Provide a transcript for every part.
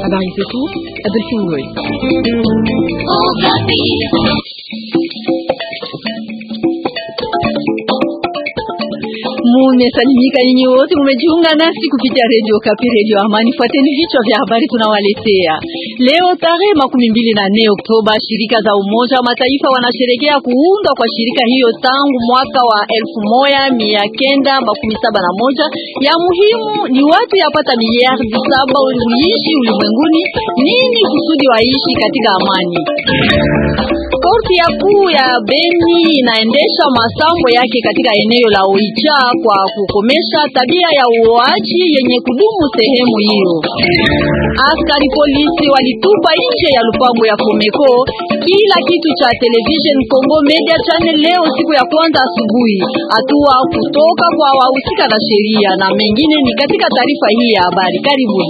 Habari zetu Abelfingoy. Mumesalimika nyinyi wote, mumejiunga nasi kupitia Radio Kapi, Radio Amani. Fuateni vichwa vya habari tunawaletea. Leo tarehe makumi mbili na nne Oktoba, shirika za Umoja wa Mataifa wanasherekea kuundwa kwa shirika hiyo tangu mwaka wa elfu moja mia kenda makumi saba na moja. Ya muhimu ni watu yapata miliardi saba uliishi ulimwenguni. Nini kusudi waishi katika amani? Korti ya kuu ya Beni inaendesha masambo yake katika eneo la Oicha kwa kukomesha tabia ya uoaji yenye kudumu sehemu hiyo. Askari polisi walitupa nje ya lupango ya Komeko kila kitu cha Television Congo Media Channel leo siku ya kwanza asubuhi, hatua kutoka kwa wahusika na sheria na mengine ni katika taarifa hii ya habari. Karibuni.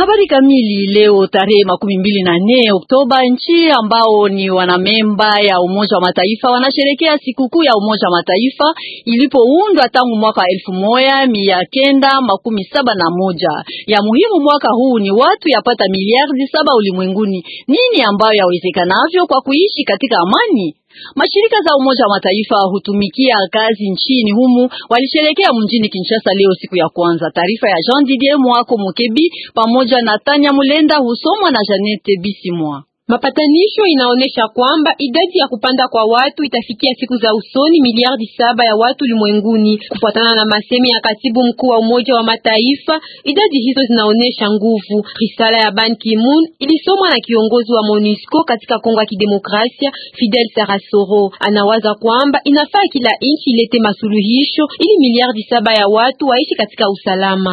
Habari kamili leo tarehe makumi mbili na nne Oktoba, nchi ambao ni wanamemba ya Umoja wa Mataifa wanasherekea sikukuu ya Umoja wa Mataifa ilipoundwa tangu mwaka elfu moja mia kenda makumi saba na moja. Ya muhimu mwaka huu ni watu yapata miliardi saba ulimwenguni. Nini ambayo yawezekanavyo kwa kuishi katika amani? Mashirika za Umoja wa Mataifa hutumikia kazi nchini humu walisherekea mjini Kinshasa leo siku ya kwanza. Taarifa ya Jean Didier Mwako Mukebi pamoja na Tanya Mulenda husomwa na Janete Bisimwa. Mapatanisho inaonesha kwamba idadi ya kupanda kwa watu itafikia siku za usoni miliardi saba ya watu ulimwenguni. Kufuatana na masemi ya katibu mkuu wa Umoja wa Mataifa, idadi hizo zinaonesha nguvu. Risala ya Ban Ki-moon ilisomwa na kiongozi wa MONUSCO katika Kongo ya Kidemokrasia, Fidel Sarasoro. Anawaza kwamba inafaa kila nchi ilete masuluhisho ili miliardi saba ya watu waishi katika usalama.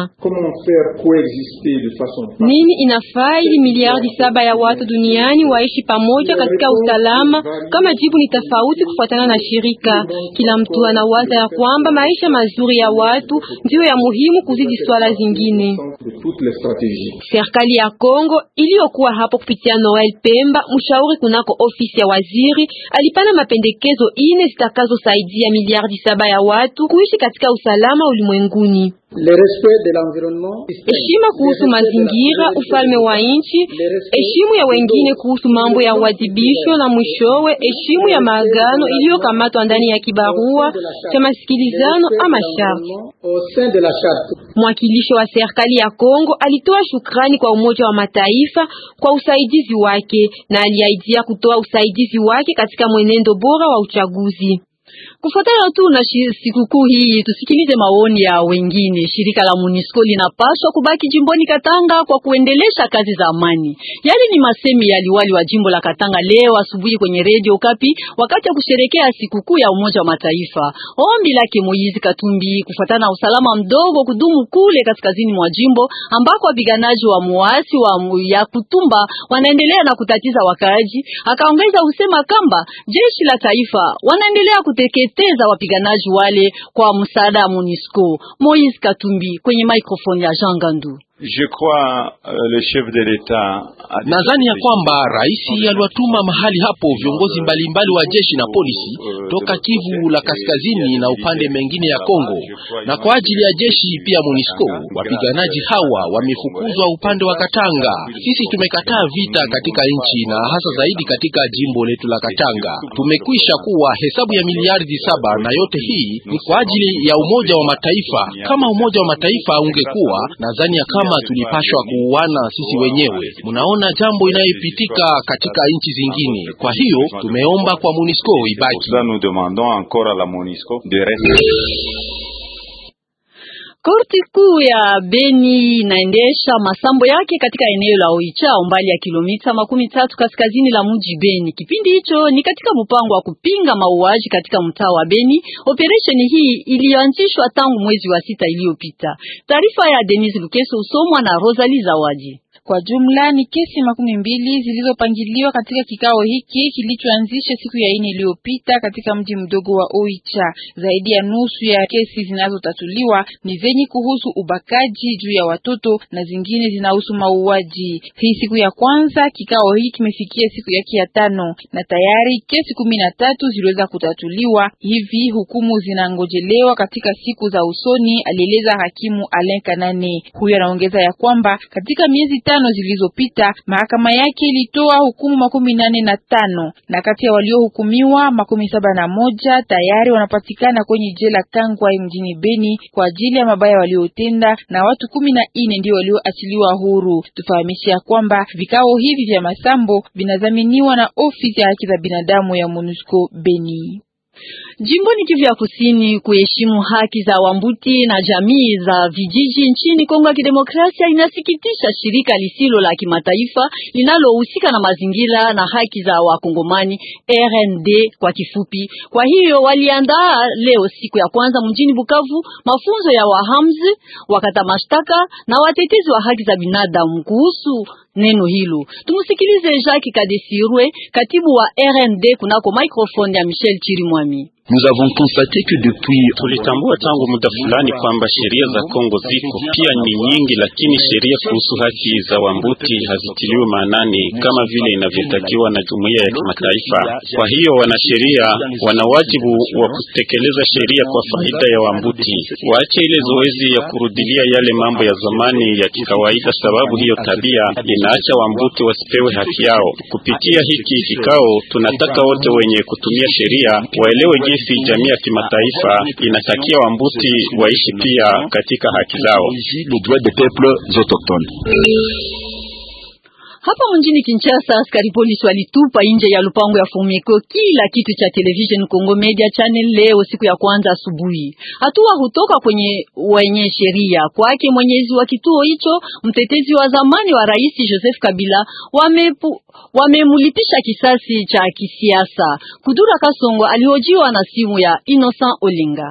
Nini inafaa ili miliardi saba ya watu duniani lakini waishi pamoja katika usalama, kama jibu ni tofauti kufuatana na shirika. Kila mtu anawaza ya kwamba maisha mazuri ya watu ndiyo ya muhimu kuzidi swala zingine. Serikali ya Kongo iliyokuwa hapo kupitia Noel Pemba, mshauri kunako ofisi ya waziri, alipana mapendekezo ine zitakazosaidia miliardi saba ya watu kuishi katika usalama ulimwenguni heshima kuhusu mazingira, ufalme wa nchi, heshimu ya wengine kuhusu mambo ya uadhibisho, na mwishowe heshimu ya maagano iliyokamatwa ndani ya kibarua cha masikilizano ama sharti. Mwakilishi wa serikali ya Kongo alitoa shukrani kwa Umoja wa Mataifa kwa usaidizi wake na aliaidia kutoa usaidizi wake katika mwenendo bora wa uchaguzi. Kufuatana tu na sikukuu hii, tusikilize maoni ya wengine. Shirika la MONUSCO linapaswa kubaki jimboni Katanga kwa kuendelesha kazi za amani. Yale ni masemi ya liwali wa jimbo la Katanga leo asubuhi kwenye redio Kapi wakati wa kusherekea sikukuu ya Umoja wa Mataifa. Ombi lake Moizi Katumbi kufuatana na usalama mdogo kudumu kule kaskazini mwa jimbo ambako wapiganaji wa muasi wa ya kutumba wanaendelea na kutatiza wakaaji. Akaongeza usema kamba jeshi la taifa wanaendelea kute kuteketeza wapiganaji wale kwa msaada wa MONUSCO. Moise Katumbi kwenye microphone ya Jean Gandu. Euh, nadhani ya kwamba rais aliwatuma mahali hapo viongozi mbalimbali wa jeshi na polisi euh, toka Kivu la kaskazini na upande mengine ya Kongo, na kwa ajili ya jeshi pia MONUSCO. Wapiganaji hawa wamefukuzwa upande wa Katanga. Sisi tumekataa vita katika nchi na hasa zaidi katika jimbo letu la Katanga. Tumekwisha kuwa hesabu ya miliardi saba, na yote hii ni kwa ajili ya Umoja wa Mataifa. Kama Umoja wa Mataifa ungekuwa, nadhani ya kama kama tulipashwa kuuana sisi wenyewe. Mnaona jambo inayopitika katika nchi zingine. Kwa hiyo tumeomba kwa MONUSCO ibaki Korti kuu ya Beni inaendesha masambo yake katika eneo la Oicha umbali ya kilomita makumi tatu kaskazini la mji Beni. Kipindi hicho ni katika mpango wa kupinga mauaji katika mtaa wa Beni. Operesheni hii iliyoanzishwa tangu mwezi wa sita iliyopita. Taarifa ya Denis Lukeso usomwa na Rosalie Zawadi. Kwa jumla ni kesi makumi mbili zilizopangiliwa katika kikao hiki kilichoanzisha siku ya ine iliyopita katika mji mdogo wa Oicha. Zaidi ya nusu ya kesi zinazotatuliwa ni zenye kuhusu ubakaji juu ya watoto na zingine zinahusu mauaji. Hii siku ya kwanza kikao hiki kimefikia siku yake ya tano na tayari kesi kumi na tatu ziliweza kutatuliwa, hivi hukumu zinangojelewa katika siku za usoni, alieleza hakimu Alain Kanane. Huyo anaongeza ya kwamba katika miezi tano zilizopita, mahakama yake ilitoa hukumu makumi nane na tano na kati ya waliohukumiwa makumi saba na moja tayari wanapatikana kwenye jela Kangwa mjini Beni kwa ajili ya mabaya waliotenda na watu kumi na nne ndio walioachiliwa huru. Tufahamishe ya kwamba vikao hivi vya masambo vinadhaminiwa na ofisi ya haki za binadamu ya MONUSCO Beni. Jimboni Kivu ya Kusini, kuheshimu haki za Wambuti na jamii za vijiji nchini Kongo ya Kidemokrasia inasikitisha shirika lisilo la kimataifa linalohusika na mazingira na haki za Wakongomani, RND kwa kifupi. Kwa hiyo waliandaa leo, siku ya kwanza mjini Bukavu, mafunzo ya wahamzi, wakata mashtaka na watetezi wa haki za binadamu kuhusu neno hilo. Tumsikilize Jacques Kadesirwe, katibu wa RND kunako microphone ya Michel Chirimwami. Tulitambua tangu muda fulani kwamba sheria za Kongo ziko pia ni nyingi, lakini sheria kuhusu haki za wambuti hazitiliwi maanani kama vile inavyotakiwa na jumuiya ya kimataifa. Kwa hiyo, wanasheria wana wajibu wa kutekeleza sheria kwa faida ya wambuti, waache ile zoezi ya kurudilia yale mambo ya zamani ya kikawaida, sababu hiyo tabia inaacha wambuti wasipewe haki yao. Kupitia hiki kikao, tunataka wote wenye kutumia sheria waelewe jinsi jamii ya kimataifa ah, ah, inatakia Wambuti ah, waishi pia katika haki zao. Hapa mjini Kinshasa, askari polisi walitupa nje ya lupango ya Fumiko kila kitu cha Television Congo Media Channel leo siku ya kwanza asubuhi. Hatua hutoka kwenye wenye sheria kwake mwenyezi wa kituo hicho, mtetezi wa zamani wa Rais Joseph Kabila wamepu wamemulipisha kisasi cha kisiasa. Kudura Kasongo alihojiwa na simu ya Innocent Olinga.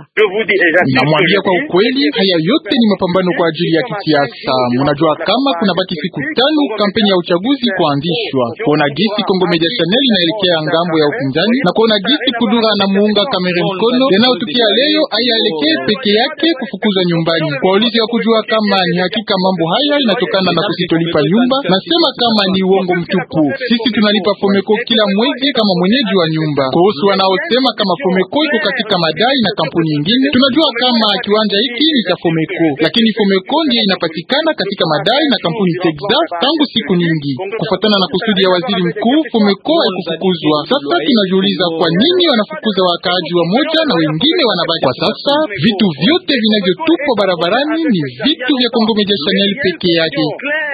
Namwambia kwa ukweli, haya yote ni mapambano kwa ajili ya kisiasa. munajua kama kuna baki siku tano kampeni ya uchaguzi kuandishwa, kuona gisi Kongo Media Channel inaelekea ngambo ya upinzani na kuona gisi Kudura na muunga Kamere mkono, yanayotukia leo ayaelekee peke yake kufukuzwa nyumbani. Kwa ulizi wa kujua kama ni hakika mambo haya inatokana na kusitolipa nyumba, nasema kama ni uongo mtupu. Sisi tunalipa Fomeko kila mwezi kama mwenyeji wa nyumba. Kuhusu wanaosema kama Fomeko iko katika madai na kampuni nyingine, tunajua kama kiwanja hiki ni cha Fomeko, lakini Fomeko ndiye inapatikana katika madai na kampuni Texas tangu siku nyingi. Kufatana na kusudi ya waziri mkuu, Fomeko ya kufukuzwa. Sasa tunajiuliza kwa nini wanafukuza wakaaji wa moja na wengine wanabaki. Kwa sasa vitu vyote vinavyotupwa barabarani ni vitu vya kongomeja Chanel peke yake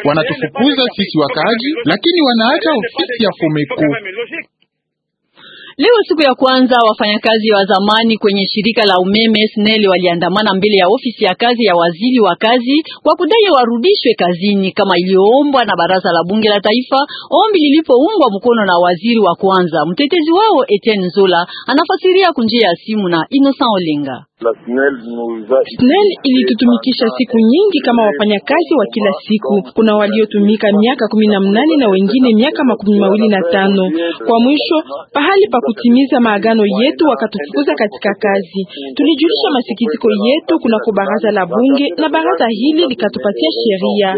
wanatufukuza sisi wakaaji, lakini wanaacha ofisi ya Fomeko. Leo siku ya kwanza wafanyakazi wa zamani kwenye shirika la umeme SNEL waliandamana mbele ya ofisi ya kazi ya waziri wa kazi kwa kudai warudishwe kazini kama iliyoombwa na baraza la bunge la taifa, ombi lilipoungwa mkono na waziri wa kwanza. Mtetezi wao Etienne Zola anafasiria kunjia ya simu na Innocent Olenga. SNEL ilitutumikisha siku nyingi kama wafanyakazi wa kila siku. Kuna waliotumika miaka kumi na mnane na wengine miaka makumi mawili na tano. Kwa mwisho, pahali pa kutimiza maagano yetu, wakatufukuza katika kazi. Tulijulisha masikitiko yetu kunako baraza la bunge na baraza hili likatupatia sheria.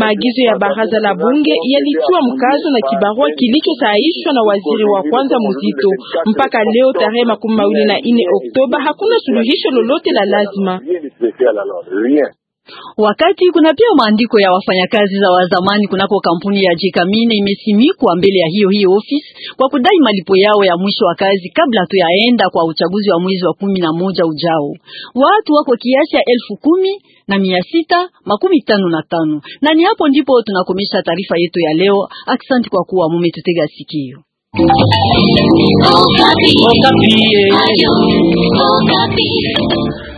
Maagizo ya baraza la bunge yalitiwa mkazo na kibarua kilichosaishwa na waziri wa kwanza Muzito. Mpaka leo tarehe makumi mawili na nne Oktoba hakuna suluhisho suluhisho lolote la lazima. Wakati kuna pia maandiko ya wafanyakazi za wazamani kunako kampuni ya Jekamine imesimikwa mbele ya hiyo hiyo ofisi kwa kudai malipo yao ya mwisho wa kazi kabla tu yaenda kwa uchaguzi wa mwezi wa kumi na moja ujao. Watu wako kiasi ya elfu kumi na mia sita makumi tano na tano na ni hapo ndipo tunakomesha taarifa yetu ya leo. Aksanti kwa kuwa mumetutega sikio. Oh, happy. Oh, happy. Are you? Oh,